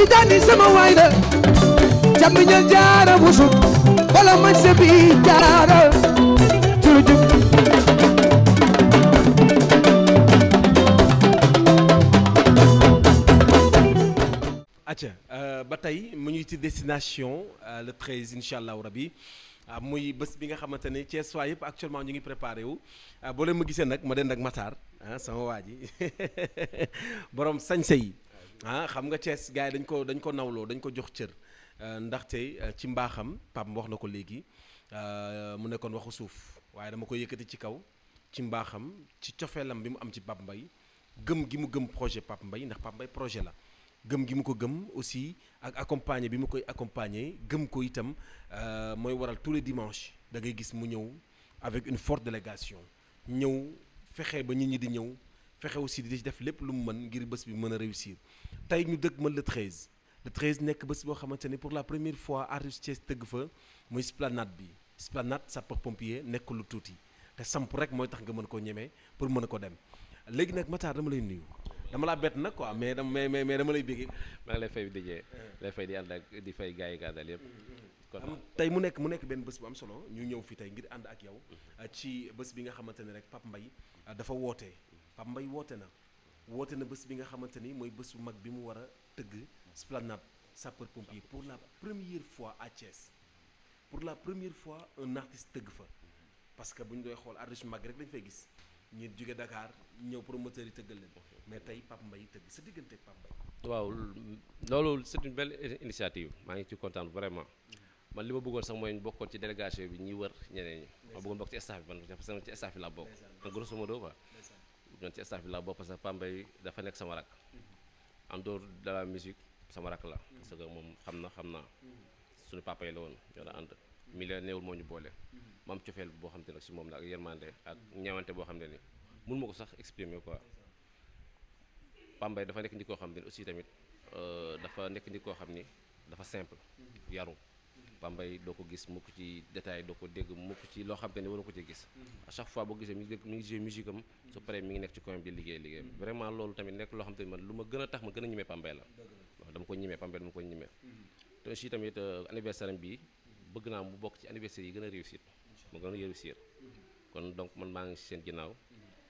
tijani sama waay la jamiñal jaara busu wala man se bi jaara jurujub acca euh, ba tey mu ñuy ci destination euh, le 13 incha allahu rabi euh, muy bés bi nga xamante ne Thiès waa yëpp actuellement ñu ngi préparé wu boo leen ma gisee nag ma den ak Matar sama waa ji borom sañse yi ah xam nga cees gars yi dañ ko dañ ko nawloo dañ ko jox cër euh, ndaxte euh, ci mbaaxam mu wax na ko léegi euh, mu nekkoon waxu suuf waaye dama ko yëkkati ci kaw ci mbaaxam ci cofeelam bi mu am ci Pape mbay gëm gi mu gëm projet Pape Mbaye ndax Pape Mbaye projet la gëm gi mu ko gëm aussi ak accompagner bi mu koy accompagner gëm ko itam mooy waral tous les dimanches da ngay gis mu ñëw avec une forte délégation ñëw fexe ba nit ñi di ñëw fexe aussi di def lépp lu mu mën ngir bés bi mën a réussir tey ñu dëkk mën le 13 le nekk bés boo xamante ni pour la première fois artiste Thiès tëgg fa muy Esplanade bi Esplanade sapeur pompier nekk lu tuuti te samp rek mooy tax nga mën koo ñemee pour mën ko dem léegi nag Matar dama lay nuyu. dama laa bett nag quoi mais dama mais mais dama lay béggee. maa ngi lay fay di jee lay fay di ànd ak di fay gars yi gàddal yëpp. kon mu nekk mu nekk benn bés bu am solo ñu ñëw fi tey ngir ànd ak yow. Mm-hmm. ci bés bi nga xamante ne rek Pape Mbaye dafa woote Pape mbay woote na woote na bés bi nga xamante ni mooy bés bu mag bi mu war a tëgg Esplanade sapeur pompier pour la première fois à pour la première fois un artiste tëgg fa parce que bu ñu doy xool artiste mag rek lañ fay gis ñu jóge dakaar ñëw promoteur yi tëggal leen mais tey Pape Mbaye tëgg sa diggante Pape Mbaye waaw loolu c'est une belle initiative maa ngi ci kontaan vraiment man li ma bëggoon sax mooy bokkoon ci délégation bi ñuy wër ñeneen ñi ma bëggoon man parce que ci staff laa bokk en grosso modo ñoon ci staff bi la bokk parce que Pambay dafa nekk sama rak en doo de la musique sama rak la mm-hmm. parce moom xam na xam na mm-hmm. suñu papa la woon ñoo la ànd mm-hmm. milieu néewul moo ñu boole ma am cofeel boo xam te nag si moom la ak yërmande ak ñeewante boo xam ne ni mun ma ko sax exprimer quoi Pambay dafa nekk nit koo xam ne aussi tamit euh, dafa nekk nit koo xam ni dafa simple yaru Pambay doo ko gis mukk ci détail doo ko dégg mukk ci loo xam te ne ko ci gis mm-hmm. à chaque fois boo gisee mi ngi joué musique su mm-hmm. paree mi ngi nekk ci coin bi liggéey liggéeyam mm-hmm. vraiment loolu tamit nekk loo xam ne man lu ma gën a tax ma gën a ñimee Pambay la waaw dama ko ñimee Pambay dama ko ñimee te aussi tamit euh, anniversaire bi bëgg naa mu bokk ci anniversaire yi gën a réussir mu gën a réussir kon donc man maa ngi seen ginnaaw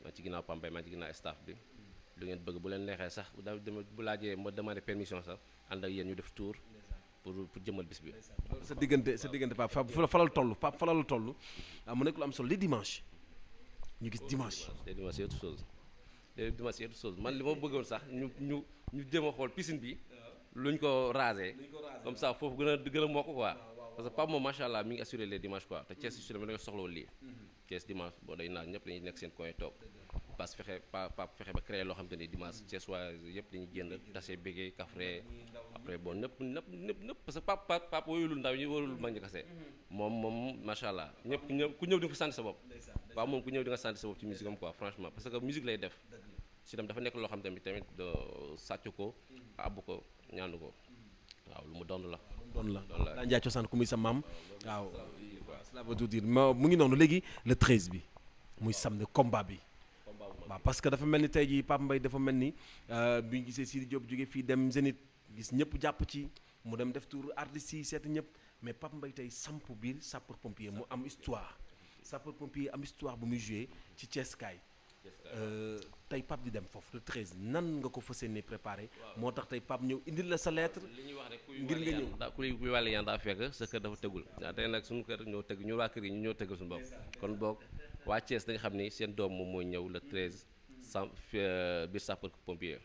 maa ci ginnaaw Pambay maa ci ginnaaw staff bi lu ngeen bëgg bu leen neexee sax laajee ma demandé permission sax ànd ak yéen ñu def pour pour jëmmal bis bi. sa diggante sa diggante Pape fa falal toll Pape falal toll ah, mu nekk lu am solo les dimanches ñu gis dimanche. les dimanches c'est autre chose les dimanches c'est autre chose man li moo bëggoon sax ñu ñu ñu jéem a xool pisin bi lu ñu ko rasé comme ça foofu gën a gën a mokk quoi. parce que Pape moom macha allah mi ngi assuré les dimanches quoi te Thiès mm-hmm. si su demee da nga soxla woon lii. Mm-hmm. Thiès dimanche boo day naan ñëpp dañuy nekk seen coin toog. Abbas fexe pa Pape fexe ba créé loo xam te ne dimanche ce soir yëpp dañuy génn tase béggee kafre après bon nëpp nëpp nëpp nëpp parce que Pape Pape ndaw ñi wóyulul mag kase moom moom macha allah ñëpp ñëw ku ñëw di nga ko sant sa bopp waaw moom ku ñëw di nga sant sa bopp ci musique am quoi franchement parce que musique lay def si tam dafa nekk loo xam tamit tamit sàcc ko abbu ko ñaanu ko waaw lu mu doon la doon la daa njaay cosaan ku muy sa maam waaw cela veut tout mu ngi noonu léegi le 13 bi muy samedi combat bi waaw parce que dafa mel ni tey jii Pape mbay dafa mel ni euh, bi ñu gisee Sidi Diop jóge fii dem Zénith gis ñëpp jàpp ci mu dem def tour artistes yi seeti ñëpp mais Pape mbay tey samp biir sapeur pompier mu am histoire sapeur pompier am histoire bu muy ci Thiès kaay euh, tey Pape di dem foofu le 13 nan nga ko fas yéene préparé. moo tax tey Pape ñëw indi la sa lettre. li ñuy wax rek ngir nga ñëw daa kuy kuy wàll yaan daa fekk sa kër dafa tegul. waaw tey nag suñu kër ñoo tëgg ñu waa kër yi ñu ñoo tëggal suñu waa Thiès dañ xam ni seen doom moom mooy ñëw le 13 sans euh, biir sapeur pompier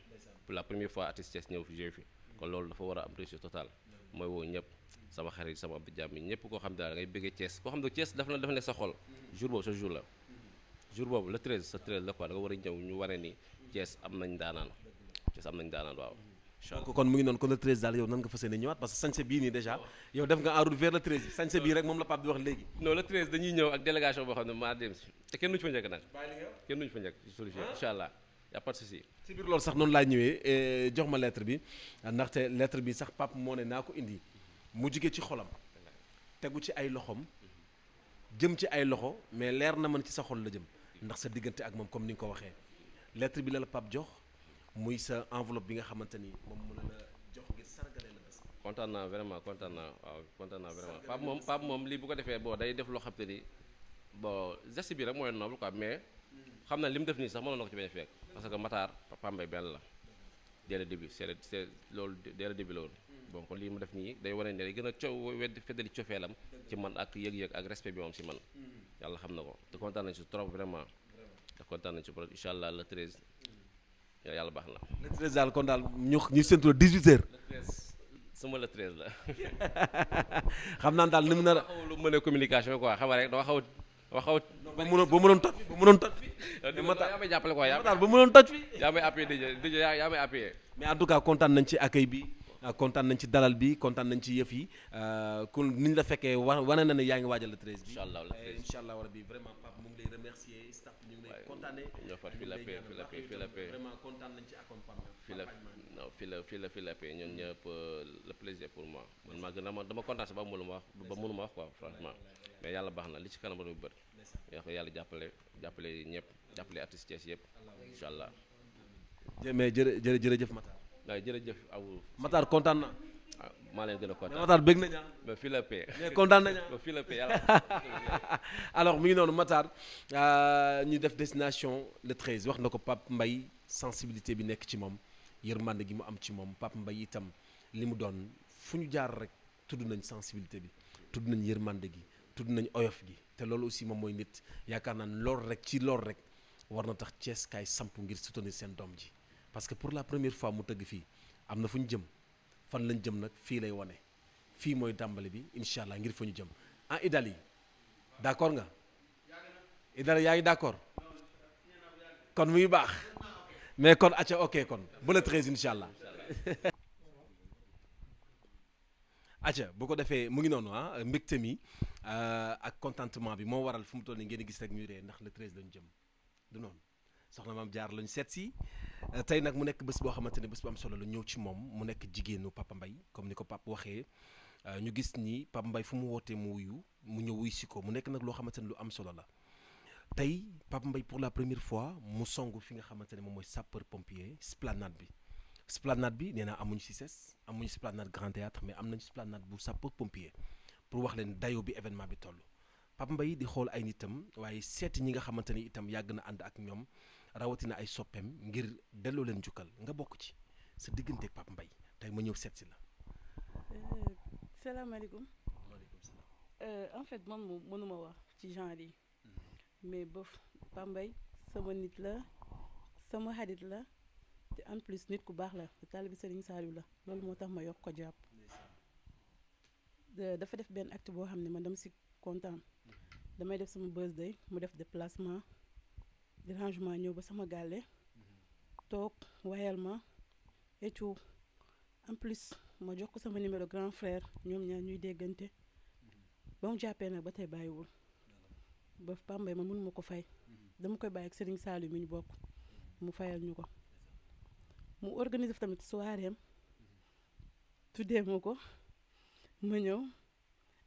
pour la première fois artiste Thiès ñëw fi joué fi kon loolu dafa war a am réussite totale mooy woo ñëpp sama xarit sama ab jàmm ñëpp koo xam ne daal ngay bëggee Thiès koo xam ne Thiès dafa na dafa ne sa xol jour boobu sa jour la jour boobu le 13 sa 13 la quoi da nga war a ñëw ñu waree ni Thiès am nañ daanaan Thiès am nañ daanaan waaw donc kon mu ngi noonu kon le 13 daal yow nan nga fas yéene ñëwaat parce que sañse bii nii déjà yow def nga en route vers le 13 bi sañse bii rek moom la Pape di wax léegi non le 13 dañuy ñëw ak délégation boo xam ne maa dem si ah. eh, jox ma lettre bi ndaxte lettre bi sax Pape moo ne naa ko indi mu jugee ci xolam tegu ci ay loxoom jëm ci ay loxo mais leer na man ci sa xol la jëm ndax sa diggante ak moom comme ni nga ko waxee lettre bi la la Pape jox muy sa enveloppe bi nga xamante ni moom mu la jox ngir sargale la bés. vraiment kontaan naa waaw moom Pape moom lii bu ko defee bon day def loo xam te ni bon geste bi rek mooy noble quoi mais xam naa li mu def nii sax mënoon na ko ci bañ a fekk parce que Matar Pambay benn la dès le loolu dès le début la woon lii mu def nii day wane ne gën a coow wedd feddali cofeelam ci man ak yëg-yëg ak respect bi moom man mm-hmm. yàlla xam na ko te kontaan si trop vraiment te kontaan nañ si trop incha allah le 13 yàlla baax na. le treize daal kon daal ñu ñu séntu la dix huit heures. le treize sama le treize la. xam naa daal ni mu na a. xaw lu mën a communication quoi xam rek dama xaw dama xaw. ba mënoon ba mënoon toj ba mënoon toj. yaa may jàppale quoi yaa may. ba mënoon toj. yaa may appuyé déjà déjà yaa may appuyé. mais en kontaan nañ ci accueil bi. Euh, kontaan nañ ci dalal bi kontaan nañ ci yëf yi euh, kon ni ñu la fekkee wa wane na ne yaa ngi waajal le treize bi incha allah rabbi vraiment Pape mu ngi lay la paix kontaan nañ ci accompagnement fi la non fi la fi la fi la paix ñoom mm. ñëpp euh, le plaisir pour moi man maa gën a ma dama kontaan si ba mënuma wax ba mënuma wax quoi franchement mais yàlla baax na li ci kanam bu bët yaa ko yàlla jàppale jàppale ñëpp jàppale artistes yëpp incha allah jërëjëf Matar waaw jërëjëf awu. Matar kontaan na. Ah, maa leen gën a kontaan bëgg nañu ah. ba fii la paix kontaan nañu ah. ba fii la paix yàlla alors mi ngi noonu Matar euh, ñu def destination le 13 wax na ko Pape mbay sensibilité bi nekk ci moom yërmande gi mu am ci moom Pape mbay itam li mu doon fu ñu jaar rek tudd nañ sensibilité bi tudd nañ yërmande gi tudd nañ oyof gi te loolu aussi moom mooy nit yaakaar naa ne loolu rek ci loolu rek war na tax Cees kaay samp ngir soutenir seen doom ji parce que pour la première fois mu tëgg fii am na fu ñu jëm fan lañ jëm nag fii lay wane fii mooy dàmbali bi incha allah ngir fa ñu jëm ah Idali d' accord nga idal yaa ngi d' accord kon muy baax mais kon acca ok kon ba le treize incha acca bu ko defee mu ngi noonu ah mbégte mi euh, ak contentement bi moo waral fu mu toll nii ngeen gis rek ñuy ree ndax le treize lañu jëm du noonu soxna maam jaar lañu seet si euh, tey nag mu nekk bés boo xamante ne bés bu am solo la ñëw ci moom mu nekk jigéenu Papa Mbaye comme ni ko Papa waxee euh, ñu gis ni Papa Mbaye fu mu wootee mu wuyu mu ñëw wuy si mu nekk nag loo xamante ne lu am solo la tey Papa Mbaye pour la première fois mu song fi nga xamante ne moom mooy sapeur pompier splanade bi splanade bi nee naa amuñu si ses amuñu splanade grand théâtre mais am nañu splanade bu sapeur pompier pour wax leen dayo bi événement bi toll Papa Mbaye di xool ay nitam waaye seeti ñi nga xamante ni itam yàgg na ànd ak ñoom rawatina ay soppeem ngir delloo leen jukkal nga bokk ci sa diggante Pape Mbaye tey ma ñëw seet la. Euh, salaamaaleykum. maaleykum euh, en fait man moom mënuma wax ci genre yi. Mm-hmm. mais bof Pape mbay sama nit la sama xarit la te en plus nit ku baax la taalibe Serigne Saliou la loolu moo tax ma yokk ko jàpp. dafa def benn acte boo xam ne ma dem si kontaan. Mm-hmm. damay def sama birthday mu def déplacement. dérangement ñëw ba sama gàlle toog wayal ma et en plus ma jox ko sama numéro grand frère ñoom ñaar ñuy déggante ba mu jàppee nag ba tey bàyyiwul ba Pambay ma mënu ma ko fay dama koy bàyyi ak Serigne Saliou mi ñu bokk mu fayal ñu ko mu organiser tamit soirée am tuddee ma ko ma ñëw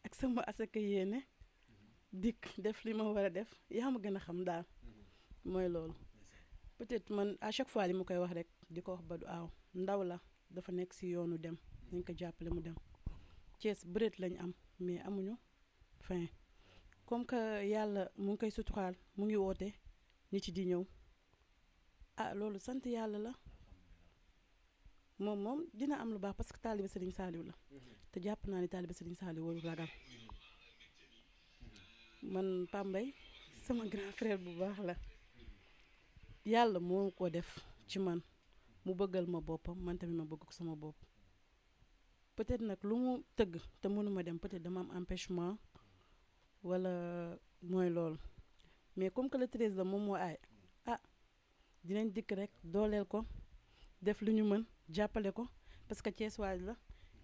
ak sama asaka yéene dikk def li ma war a def yaa ma gën a xam daal mooy loolu peut-être man à chaque fois li mu koy wax rek di ko wax ba du aaw ndaw la dafa nekk si yoonu dem nañ ko jàppale mu dem Thiès bëreet lañ am mais amuñu fin comme que yàlla mu ngi koy suturaal mu ngi woote nit yi di ñëw ah loolu sant yàlla la moom moom dina am lu baax parce que taalibe Serigne Saliou la mm-hmm. te jàpp naa ni taalibe Serigne Saliou warul ragal man Pambay sama grand frère bu baax la yàlla moo ko def ci man mu bëggal ma boppam man tamit ma bëgg ko sama bopp peut-être nag lu mu tëgg te mënuma dem peut-être dama am empêchement wala mooy loolu mais comme que le treize la moom moo aay ah dinañ dikk rek dooleel ko def lu ñu mën jàppale ko parce que Thiès la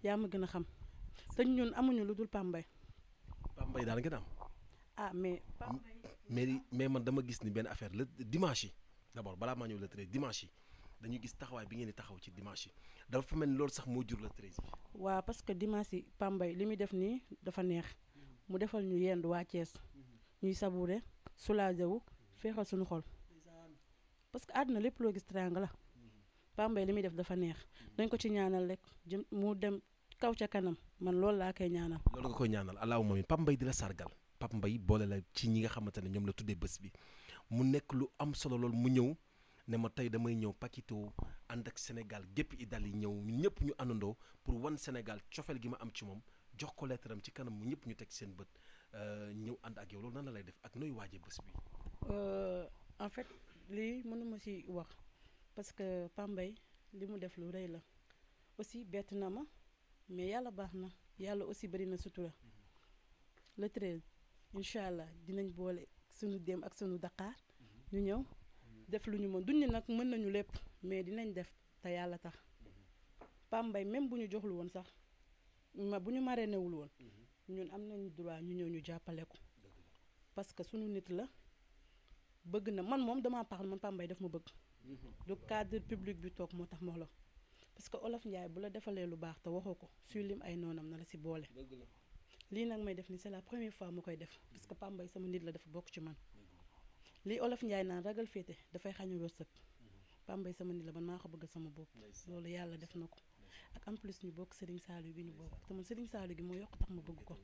yaa ma gën a xam te ñun amuñu lu dul Pambay. Pambay daal ngeen am. ah mais. Pambay mais mais man dama gis ni benn affaire la dimanche yi. d' abord balaa maa ñëw le treize dimanche yi dañu gis taxawaay bi ngeen di taxaw ci dimanche yi dafa mel ni loolu sax moo jur le treize yi. waaw parce que dimanche yi Pambay li muy def nii dafa neex mu defal ñu yendu waa Thiès ñuy sabuure soulagé wu feexal suñu xol parce que àdduna lépp loo gis triangle la Pambay li muy def dafa neex dañ ko ci ñaanal rek jëm mu dem kaw ca kanam man loolu laa koy ñaanal. loolu nga koy ñaanal allahumma amiin Pambay di la sargal Pambay boole la ci ñi nga xamante ne ñoom la tuddee bés bi. mu nekk lu am solo lool mu ñëw ne ma tey damay ñëw Pakito ànd ak Sénégal gépp i dal yi ñëw ñëpp ñu àndandoo pour wan Sénégal cofeel gi ma am ci moom jox ko lettre am ci kanam mu ñëpp ñu teg seen bët euh, ñëw ànd ak yow loolu nan lay def ak nooy waaje bés bi. Euh, en fait lii mënuma ci wax parce que Pambay li mu def lu rëy la aussi bett na ma mais yàlla baax na yàlla aussi bari na sutura le treize incha allah dinañ boole. sunu dem ak sunu Dakar mhm. ñu ñëw def lu ñu mën duñ ni nag mën nañu lépp mais dinañ def te yàlla tax mhm. Pape Mbaye même bu ñu joxlu woon sax ma bu ñu maree newul woon mhm. ñun am nañu droit ñu ñëw ñu jàppale ko parce que sunu nit la bëgg na man moom dama parle man Pape Mbaye daf ma bëgg du cadre public bi toog moo tax ma la parce que Olof njaay bu la defalee lu baax te waxoo ko suy lim ay noonam na la si boole lii nag may def ni c'est la première fois mu koy def parce que Pambay sama nit la dafa bokk ci man lii olof Njaay naan ragal féete dafay xañu wërsëg Pambay sama nit la man maa ko bëgg sama bopp loolu yàlla def na ko ak en plus ñu bokk Serigne Saliou bi ñu bokk te man Serigne Saliou gi moo yokk tax ma bëgg ko.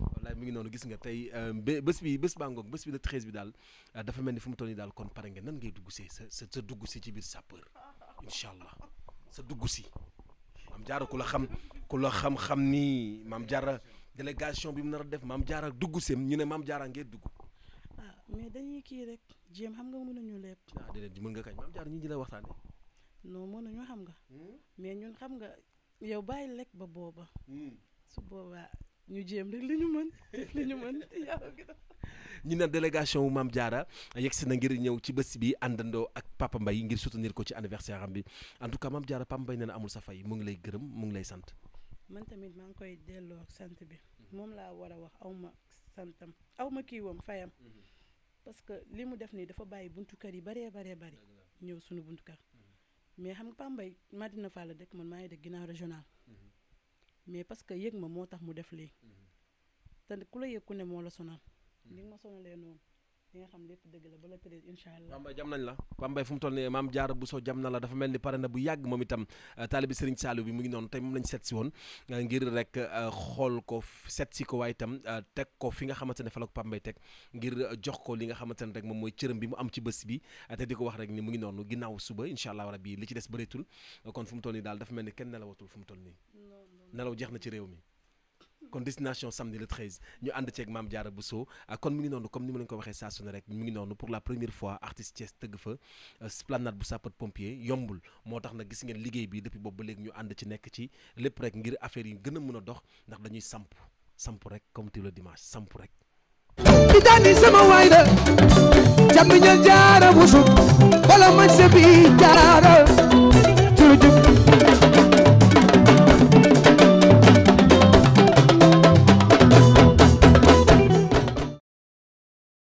wallaay mi ngi noonu gis nga tey euh, bés bi bés baa ngoog bés bi la treize bi daal euh, dafa mel ni fu mu toll nii daal kon pare nga nan ngay dugg see sa sa dugg si ci biir sapeur incha allah sa dugg si. maam jaara ku la xam ku la xam-xam ni maam a délégation bi mu nar a def maam jaara dugg sem ñu ne maam jaara ngeen dugg ah mais dañuy kii rek jéem xam nga mënuñu lépp ah déedéet mën nga kañ maam jaara ñi di la waxtaane non mënuñu xam nga hmm? mais ñun xam nga yow bàyyi lekk ba booba hmm. su boobaa ñu jéem rek li ñu mën def li ñu mën ñu ne délégation wu Mame Diarra yegsi na ngir ñëw ci bés bi àndandoo ak Papa Mbaye ngir soutenir ko ci anniversaire am bi en tout cas Mame Diarra Papa Mbaye na amul sa fay mu ngi lay gërëm mu ngi lay sant. man tamit maa ngi koy delloo sant bi moom laa war a wax aw ma santam aw ma kii woom fayam parce que li mu def nii dafa bàyyi buntu kër yi baree baree bari ñëw suñu buntu kër mais xam nga Papa Mbaye Madina Fall la dëkk man maa ngi dëkk mais parce que yëg ma moo tax mu def lii mm-hmm. te ku la yëg ku ne moo la sonal li mm-hmm. nga ma sonalee noonu li nga xam ne dëgg la ba la tëddee incha allah Pambay jam nañ la Pambay fu mu toll nii maam jaar bu Bousso jam na la dafa mel ni pare na bu yàgg moom itam euh, taalibi Serigne Saliou bi mu ngi noonu tey moom lañ seet si woon euh, ngir rek euh, xool ko seet si ko waaye itam teg ko fi nga xamante ne fa la ko Pambay teg ngir jox ko li nga xamante ne rek moom mooy cërëm bi mu am ci bés bi te di ko wax rek ni mu ngi noonu ginnaaw suba incha allah rabbi li ci des bëreetul kon fu mu toll nii daal dafa mel ni kenn nelawatul fu mu toll nii nelaw jeex na ci réew mi kon destination samedi le 13 ñu ànd ceeg maam Diarra Bousso ah, kon mu ngi noonu comme ni ma leen ko waxee saa su ne rek ngi noonu pour la première fois artiste Thiès tëgg fa ah, esplanade bu sapeur pompier yombul moo tax na gis ngeen liggéey bi depuis boobu ba léegi ñu ànd ci nekk ci lépp rek ngir affaire yi gën a mën a dox ndax dañuy samp samp rek comme tu le dimanche samp rek. di daani sama waay la jàmm ñal Diarra Bousso bala ma sebi